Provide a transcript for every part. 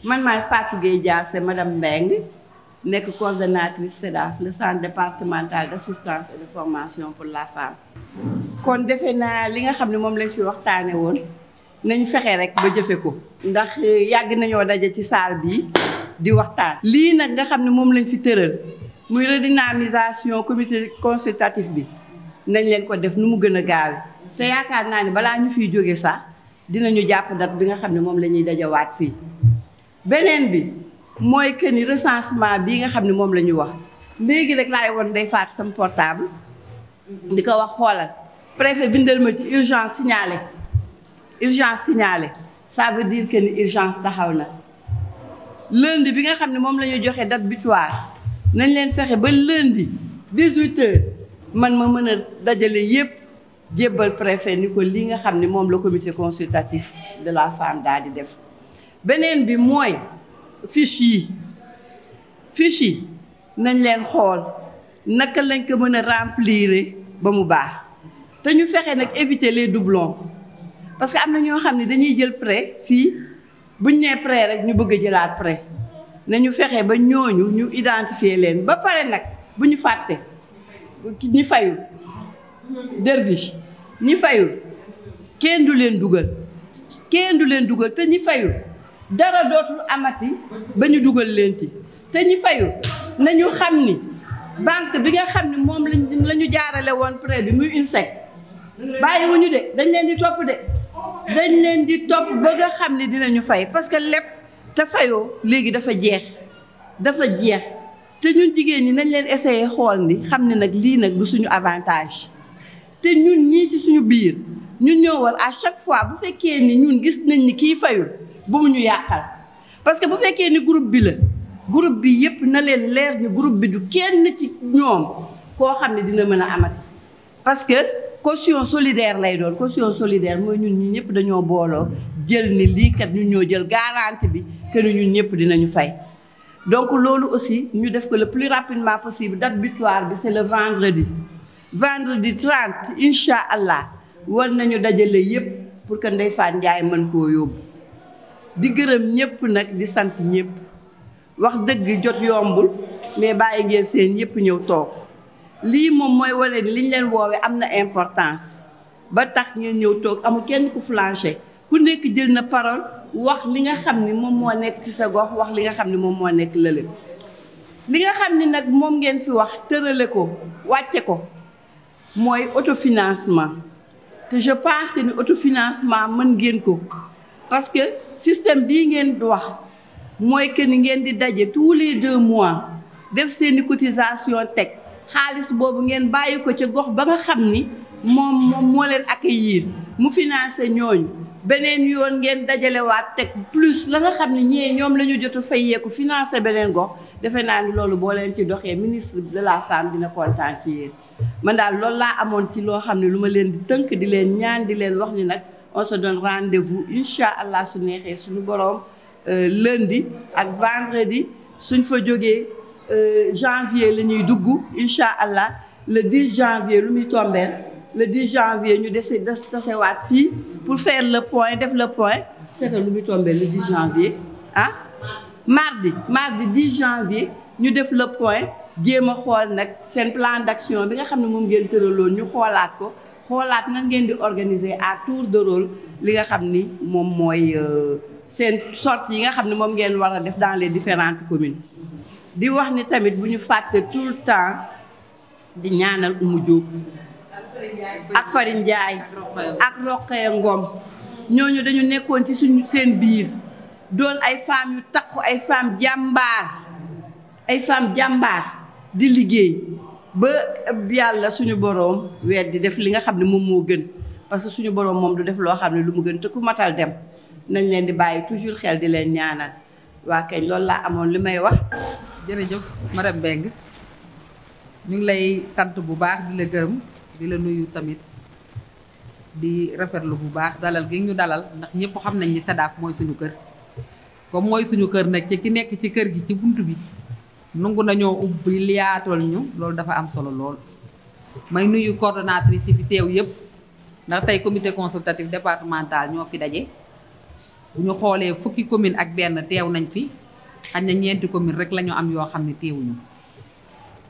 man maay Fatou Gueye Diassé madame Mbengue nekk coordonnatrice CEDAF le centre départemental d'assistance et de formation pour la femme. kon defe naa li nga xam ne moom lañ fi waxtaane woon nañu fexe rek ba jëfe ko. ndax eh, yàgg nañoo daje ci saal bi di waxtaan. lii nag nga xam ne moom lañ fi tëral. muy redynamisation comité consultatif bi nañ leen ko def nu mu gën a gaawe te yaakaar naa ni balaa ñu fiy jóge sax dinañu jàpp date bi nga xam ne moom la ñuy dajawaat fii beneen bi mooy que ni recensement bii nga xam ne moom la ñu wax léegi rek laay woon day faat sama portable di ko wax xoolal préfet bindal ma ci urgence signalé urgence signalé ça veut dire que ni urgence taxaw na lundi bi nga xam ne moom la ñu joxe date butoir nañ leen fexe ba lundi 18h man ma mën a dajale yépp jébbal préfet ni ko li nga xam ni moom la comité consultatif de la femme daal di def beneen bi mooy fiche yi fiche yi nañ leen xool naka lañ ko mën a remplir ba mu baax te ñu fexe nag éviter les doublons parce que am na ñoo xam ni dañuy jël prêt fii buñ nee prêt rek ñu bëgg a jëlaat prêt nañu fexe ba ñooñu ñu identifier leen ba pare nag bu ñu fàtte ñi fayul derviche ñi fayul kenn du leen dugal kenn du leen dugal te ñi fayul dara dootul amati ba ñu dugal leen ci te ñi fayul nañu xam ni banque bi nga xam ni moom lañ la jaarale woon prêt bi muy INSEC bàyyiwuñu de dañ leen di topp de dañ leen di topp ba nga xam ni dinañu fay parce que lépp te fayoo léegi dafa jeex dafa jeex te ñun jigéen ñi nañ leen essayer xool ni xam ne nag lii nag du suñu avantage te ñun ñii ci suñu biir ñun ñoo war a chaque fois bu fekkee ni ñun gis nañ ni kii fayul bu ñu yàqal parce que bu fekkee ni groupe bi la groupe bi yépp na leen leer ni groupe bi du kenn ci ñoom koo xam ne dina mën a amati parce que caution solidaire lay doon costion solidaire mooy ñun ñi ñëpp dañoo booloo jël ni lii kat ñu ñoo jël garantie bi que ñun ñëpp dinañu fay. donc loolu aussi ñu def ko le plus rapidement possible date butoir bi c'est le vendredi vendredi 30 incha allah war nañu dajale yëpp pour que Ndeye Fatou Ndiaye mën koo yóbbu di gërëm ñëpp nag di sant ñëpp wax dëgg jot yombul mais bàyyi ngeen seen yëpp ñëw toog lii moom mooy wane liñ leen woowee am na importance ba tax ngeen ñëw toog amul kenn ku flanché. bu nekk jël na parole wax li nga xam ni moom moo nekk ci sa gox wax li nga xam ni moom moo nekk lële li nga xam ni nag moom ngeen fi wax tërale ko wàcce ko mooy financement te je pense que ni financement mën ngeen ko parce que système bii ngeen wax mooy que ni ngeen di daje tous les deux mois def seeni cotisation teg xaalis boobu ngeen bàyyi ko ca gox ba nga xam ni moom moom moo leen accueillir mu financé ñooñu beneen yoon ngeen dajalewaat teg plus la nga xam ne ñee ñoom la ñu jot a yeeku financé beneen gox defe naa ni loolu boo leen ci doxee ministre de la femme dina kontaan ci yéen man daal loolu laa amoon ci loo xam ne lu ma leen di tënk di leen ñaan di leen wax ni nag on se donne rendez-vous incha allah su neexee suñu boroom euh, lundi ak vendredi suñ fa jógee euh, janvier la ñuy dugg incha allah le 10 janvier lu muy tombeel le 10 janvier ñu dese dasewaat fii pour faire le point def le point seetal lu muy tombé le 10 janvier ah mardi mardi 10 janvier ñu def le point jéem a xool nag seen plan d'action bi nga xam ne moom ngeen tëraloon ñu xoolaat ko xoolaat nan ngeen di organiser à tour de rôle li nga xam ni moom mooy euh, seen sortie yi nga xam ne moom ngeen war a def dans les différentes communes di wax ni tamit bu ñu fàtte tout le temps di ñaanal Oumou Diop ak Farin Ndiaye ak Roqee Ngom ñooñu dañu nekkoon ci suñu seen biir doon ay femmes yu takku ay femmes jàmbaar ay femmes jàmbaar di liggéey ba yàlla suñu boroom weer di def li nga xam ne moom moo gën parce que suñu boroom moom du def loo xam ne lu mu gën te ku matal dem nañ leen di bàyyi toujours xel di leen ñaanal waa kañ loolu laa amoon li may wax. jërëjëf madame Mbengue ñu ngi lay sant bu baax di la gërëm. di nuyu tamit di rafetlu bu baax dalal gi ñu dalal ndax ñëpp xam nañ ni SEDAF mooy suñu kër comme mooy suñu kër nag ci ki nekk ci kër gi ci bunt bi nungu nañoo ubbi liyaatool ñu loolu dafa am solo lool may nuyu coordonnatrice yi fi teew yëpp ndax tey comité consultatif départemental ñoo fi daje bu ñu xoolee fukki commune ak benn teew nañ fi xañ na ñeenti commune rek la am yoo xam ne teewuñu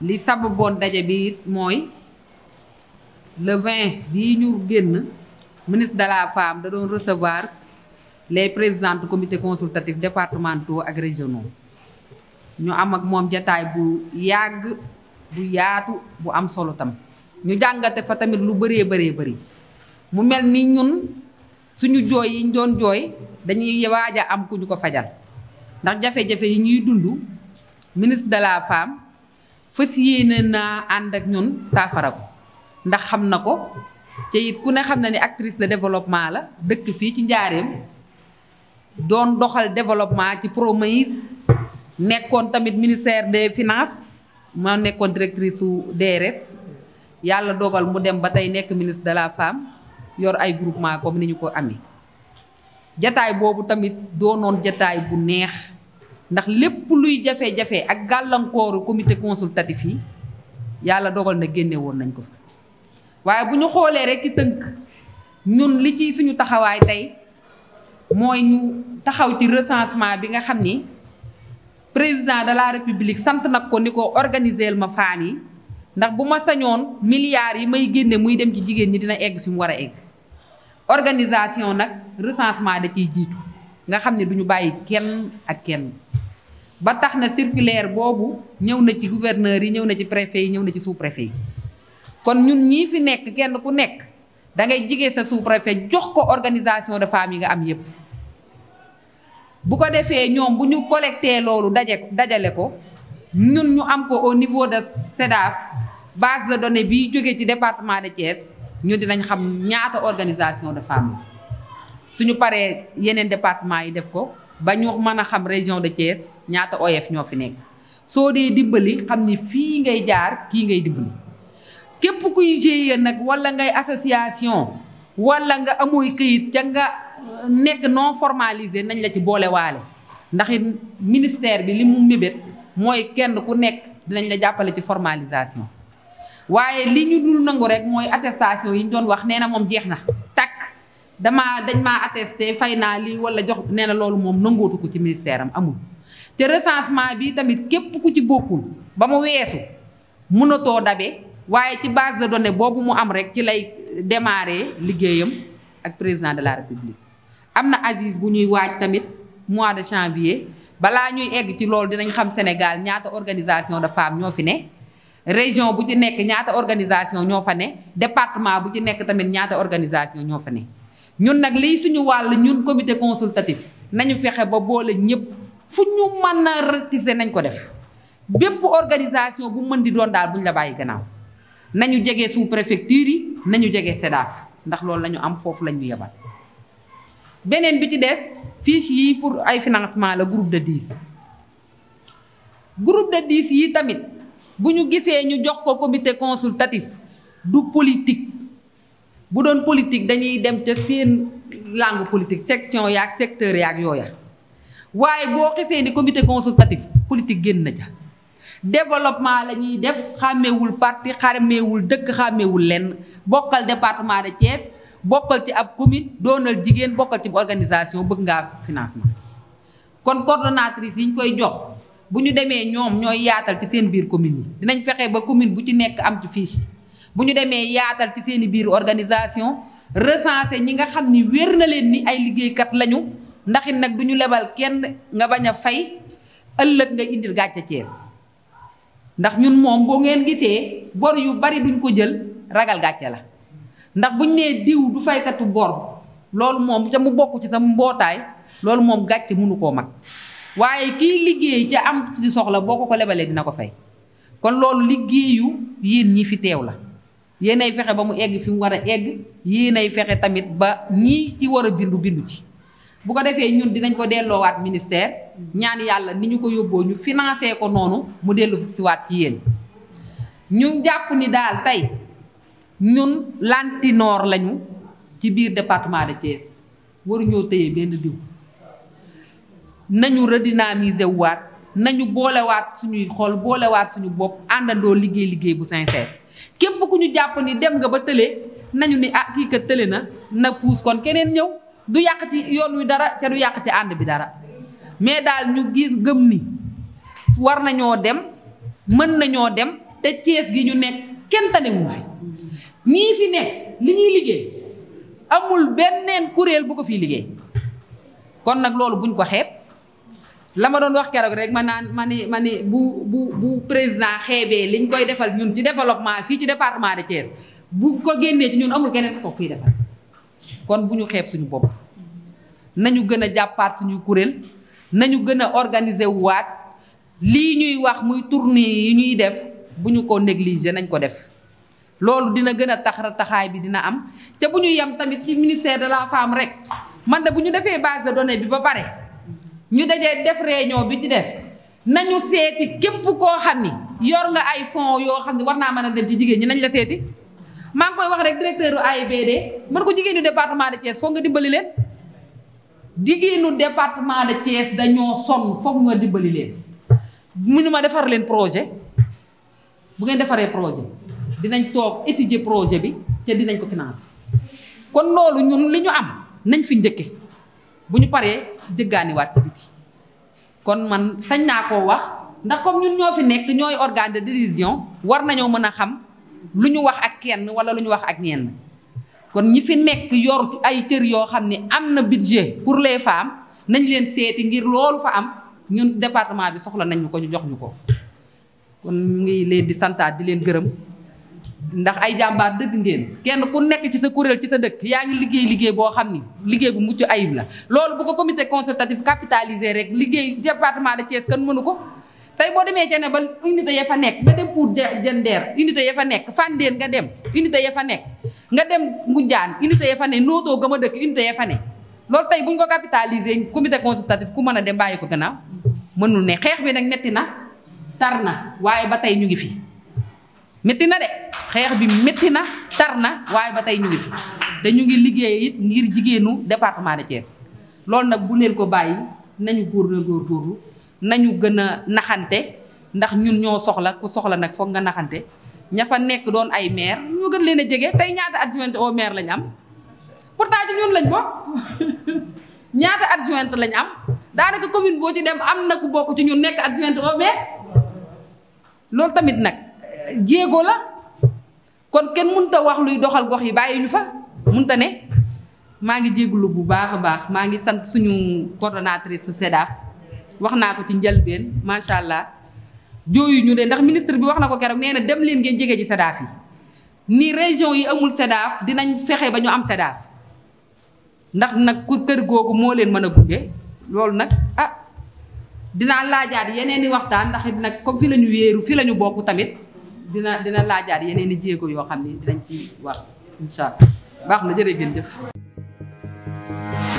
li sababoon daje bi mooy le 20 bii ñu génn ministre de la femme da doon recevoir les présidentes comité consultatif départementaux ak régionaux ñu am ak moom jataay bu yàgg bu yaatu bu am solo tam ñu jàngate fa tamit lu bëree bëree bëri mu mel ni ñun suñu jooy yi ñu doon jooy dañuy waaj am ku ñu ko fajal ndax jafe-jafe yi ñuy dund ministre de la femme fas yéene naa ànd ak ñun saafara ko ndax xam na ko te it ku ne xam na ni actrice de développement la dëkk fii ci njaareem doon doxal développement ci Promoise nekkoon tamit ministère des finances ma nekkoon directrice su DRS yàlla dogal mu dem ba tey nekk ministre de la femme yor ay groupement comme ni ñu ko amee jataay boobu tamit doonoon jataay bu neex ndax lépp luy jafe-jafe ak gàllankooru comité consultatif yi yàlla dogal na génne woon nañ ko fi waaye bu ñu xoolee rek ci tënk ñun li ci suñu taxawaay tey mooy ñu taxaw ci recensement bi nga xam ni président de la république sant nag ko ni ko organiseel ma femme yi ndax bu ma sañoon milliards yi may génne muy dem ci jigéen ñi dina egg fi mu war a egg organisation nag recensement da ciy jiitu nga xam ne du ñu bàyyi kenn ak kenn ba tax na circulaire boobu ñëw na ci gouverneur yi ñëw na ci préfet yi ñëw na ci sous préfet yi kon ñun ñii fi nekk kenn ku nekk da ngay jigee sa sous-préfet jox ko organisation de femmes yi nga am yépp bu ko defee ñoom bu ñu collecté loolu daje dajale ko ñun ñu am ko au niveau de SEDAF base de données bi jógee ci département de Thiès ñu dinañ xam ñaata organisation de femmes suñu paree yeneen département yi def ko ba ñu mën a xam région de Thiès ñaata OF ñoo fi nekk soo dee dimbali xam ni fii ngay jaar kii ngay dimbali. képp kuy GIE nag walla ngay association wala nga amooy këyit ca nga euh, nekk non formalisé nañ la ci boolewaale ndax it ministère bi li mu mébét mooy kenn ku nekk dinañ la jàppale ci formalisation waaye li ñu dul nangu rek mooy attestation yi ñu doon wax nee na moom jeex na takk dama dañ ma attesté fay naa lii wala jox nee na loolu moom nangootu ko ci ministère am amul te recensement bi tamit képp ku ci bokkul ba mu weesu mënatoo dabe waaye ci base de données boobu mu am rek ci lay démarrer liggéeyam ak président de la république am na Aziz bu ñuy waaj tamit mois de janvier balaa ñuy egg ci loolu dinañ xam Sénégal ñaata organisation de femmes ñoo fi ne région bu ci nekk ñaata organisation ñoo fa ne département bu ci nekk tamit ñaata organisation ñoo fa ne ñun nag lii suñu wàll ñun comité consultatif nañu fexe ba boole ñëpp fu ñu mën a retiser nañ ko def bépp organisation bu mën di doon daal bu la bàyyi gannaaw nañu jege sous préfecture yi nañu jege SEDAF ndax loolu la ñu am foofu lañu ñu yebal beneen bi ci des fiche yi pour ay financement la groupe de dix groupe de dix yi tamit bu ñu gisee ñu jox ko comité consultatif du politique bu doon politique dañuy dem ca seen langue politique section yaak secteur ak yooya waaye boo xisee ni comité consultatif politique génn na ca développement la ñuy def xàmmewul parti xàmmeewul dëkk xàmmewul lenn bokkal département de Thiès bokkal ci ab commune doonal jigéen bokkal ci organisation bëgg ngaa financement kon coordonnatrice yi ñu koy jox bu ñu demee ñoom ñooy yaatal ci seen biir commune yi dinañ fexe ba commune bu ci nekk am ci fiche bu ñu demee yaatal ci seen i biir organisation recenser ñi nga xam ni wér na leen ni ay liggéeykat lañu ndax it nag du ñu lebal kenn nga bañ a fay ëllëg nga indil gàcce Thiès ndax ñun moom boo ngeen gisee bor yu bari duñ ko jël ragal gàcce la ndax buñ nee diw du faykatu bor loolu moom ca mu bokk ci sa mbootaay loolu moom gàcce mënu koo mag waaye kii liggéey ca am ci soxla boo ko ko lebalee dina ko fay kon loolu liggéeyu yéen ñi fi teew la yéenay fexe ba mu egg fi mu war a egg yéenay fexe tamit ba ñii ci war a bindu bindu ci bu ko defee ñun dinañ ko delloowaat ministère ñaan yàlla ni ñu ko yóbboo ñu financé ko noonu mu dellu si waat ci yéen ñu jàpp ni daal tey ñun lantinoor lañu ci biir département de Thiès waruñoo téye benn diw nañu redynamiser waat nañu boolewaat suñuy xol boolewaat suñu bopp àndandoo liggéey liggéey bu sincère képp ku ñu jàpp ni dem nga ba tële nañu ni ah kii ka tële na na puus kon keneen ñëw. du yàq ci yoon wi dara te du ci ànd bi dara mais daal ñu gis gëm ni war nañoo dem mën nañoo dem te Cees gi ñu nekk kenn tanewu fi ñii fi nekk li ñuy liggéey amul benneen kuréel bu ko fiy liggéey kon nag loolu buñ ko xeet la ma doon wax keroog rek ma naan ma ni ma ni bu bu bu président xeebee liñ koy defal ñun ci développement fii ci département de Thiès bu ko génnee ci ñun amul keneen ko fii defal kon bu ñu xeeb suñu bopp nañu gën a jàppaat suñu kuréel nañu gën a organiser waat lii ñuy wax muy tournée yi ñuy def bu ñu ko négliger nañ ko def loolu dina gën a tax taxaay bi dina am te bu ñu yem tamit ci ministère de la femme rek man de bu ñu defee base de bi ba pare ñu dajee def réunion bi ci def nañu seeti képp koo xam ni yor nga ay fonds yoo xam ne war naa mën a dem ci jigéen ñi nañ la seeti maa ngi koy wax rek directeur u AIBD mën ko jigéenu département de Thiès foog nga dimbali leen jigéenu département de Thiès dañoo sonn foog nga dimbali leen mu ñu ma defar leen projet bu ngeen defaree projet dinañ toog étudier projet bi te dinañ ko financer kon loolu ñun li ñu am nañ fi njëkke bu ñu paree jëggaaniwaat ci biti kon man sañ naa koo wax ndax comme ñun ñoo fi nekk ñooy organe de décision war nañoo mën a xam lu ñu wax ak kenn wala lu ñu wax ak ñenn kon ñi fi nekk yor ay cër yoo xam ne am na budget pour les femmes nañ leen seeti ngir loolu fa am ñun département bi soxla nañ ñu ko ñu jox ñu ko kon ñu ngi leen di santaat di leen gërëm ndax ay jàmbaar dëgg ngeen kenn ku nekk ci sa kuréel ci sa dëkk yaa ngi liggéey liggéey boo xam ni liggéey bu mucc ayib la loolu bu ko comité consultatif capitalisé rek liggéey département de Thiès kan mënu ko tey boo demee ca ne ba unité ya fa nekk nga dem pour jëndeer unité ya fa nekk fàndeen nga dem unité ya fa nekk nga dem ngunjaan unité ya fa ne nootoo gëm a dëkk unité ya fa ne loolu tey bu ñu ko capitaliser comité consultatif ku mën a dem bàyyi ko gannaaw mënul ne xeex bi nag metti na tar na waaye ba tey ñu ngi fi metti na de xeex bi métti na tar na waaye ba tey ñu ngi fi te ñu ngi liggéey it ngir jigéenu département de Thiès loolu nag bu ko bàyyi nañu góor góorgóorlu nañu gën a naxante ndax ñun ñoo soxla ku soxla nag foog nga naxante ña fa nekk doon ay mair ñu gën leen a jege tey ñaata adjointe au maire lañ am pourtant ci ñun lañ bokk ñaata adjointe lañ am daanaka commune boo ci dem am na ku bokk ci ñun nekk adjointe au maire loolu tamit nag jéego la kon kenn mënut ta wax luy doxal gox yi bàyyi ñu fa mënut ta ne maa ngi jéegulu bu baax a baax maa ngi sant suñu coordonnatrice su SEDAF wax naa ko ci njalbeen macha allah jooyu ñu ne ndax ministre bi wax na ko keroog nee na dem leen ngeen jege ji SEDAF yi ni région yi amul SEDAF dinañ fexe ba ñu am SEDAF ndax nag ku kër googu moo leen mën a gunge loolu nag ah dinaa laajaat yeneen i waxtaan ndax nag comme fi la ñu wéeru fi la ñu bokk tamit dina dina laajaat yeneen i jéego yoo xam ne dinañ ci wax incha baax na jërëjëf.